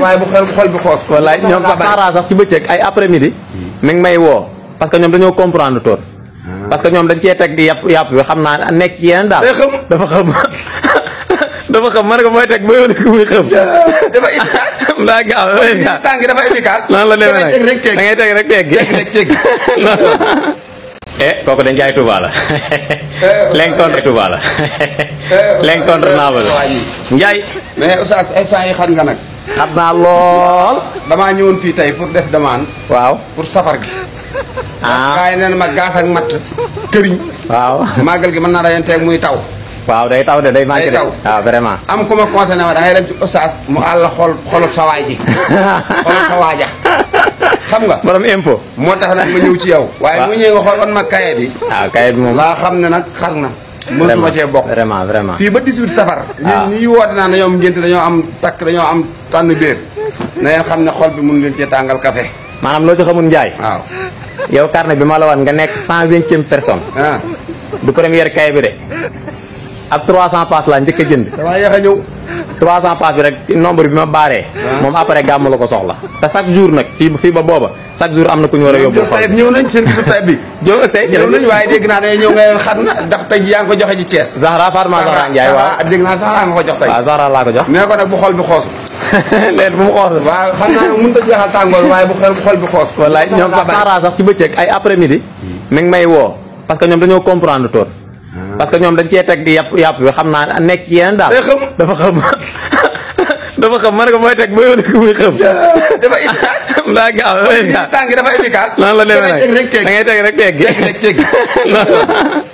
waaye bu xel xol bi xoos ko. ñoom sax Sahara sax ci bëccëg ay après midi. Hmm. mi ngi may woo parce que ñoom dañoo comprendre toon ah. parce que ñoom dañ cee teg yàpp yàpp bi xam naa nekk ci yeneen daal. dafa xam dafa xam ma ko mooy teg ba yow muy xam. dafa efficace. daa gaaw dafa efficace dafa efficace. noonu la demee nag da teg rek teg rek teggi. eh kooku dañ jaay Touba la. Eh, léegi contre naa ba la. Eh, Ndiaye. Eh, yi xam nga nag. xamna lol dama ñewon fi tay pour def demande. waaw pour safar gi. ah kaay nee ma gas ak mat teriñ waaw magal gi man na rayante ak muy taw. waaw day taw de day manqué de ah vraiment. am kuma conseiller wa da ngay dem ci oustaz mu àll xol xolub sa waay ji xolub sa waja xam nga borom impôt. moo tax nag ma ñew ci yow. waye mu ñe nga xol on ma kaye bi. ah kaye bi moom laa xam ne nag mënatuma cee bokk vraiment vraiment fii ba 18 safar ah. ñun ñuy woote naa dañoo am ngénte dañoo am takk dañoo am tànn béer na ngeen xam ne xol bi mun leen cee tàngal café maanaam loo ci xamul njaay waaw yow carnet bi ma la wan nga nekk cent vingtième personne ah. du première kay bi de ab 300 pass laa njëkk a jënd dama yéex a ñëw 300 pass bi rek nombre bi ma baaree. Ah. moom après gàmm la ko soxla. te chaque jour nag fii fii ba booba chaque jour am na ku ñu war a yóbbu. waaye dégg naa ne ñëw nga leen na ndax tey yaa ngi ko joxe ci Thiès. Zahra Fatma Zahra Ndiaye nga ko jox tey. waaw jox. nee ko nag bu xool bi xoosu. léegi bu mu xoos waaw xam naa mënut a jeexal tàngoor waaye bu xel bi xoos wallaay ñoom sax Zahra sax ci bëccëg ay après midi mi ngi may woo parce que ñoom dañoo comprendre toon parce que ñoom dañ cee teg yàpp yàpp bi xam naa nekk ci yeneen daal. dafa xam dafa xam man ko mooy teg ba yow nag muy xam. dafa efficace. mbaa ngi am dafa efficace. tàng dafa efficace. noonu la demee nag da teg rek teg rek teggi.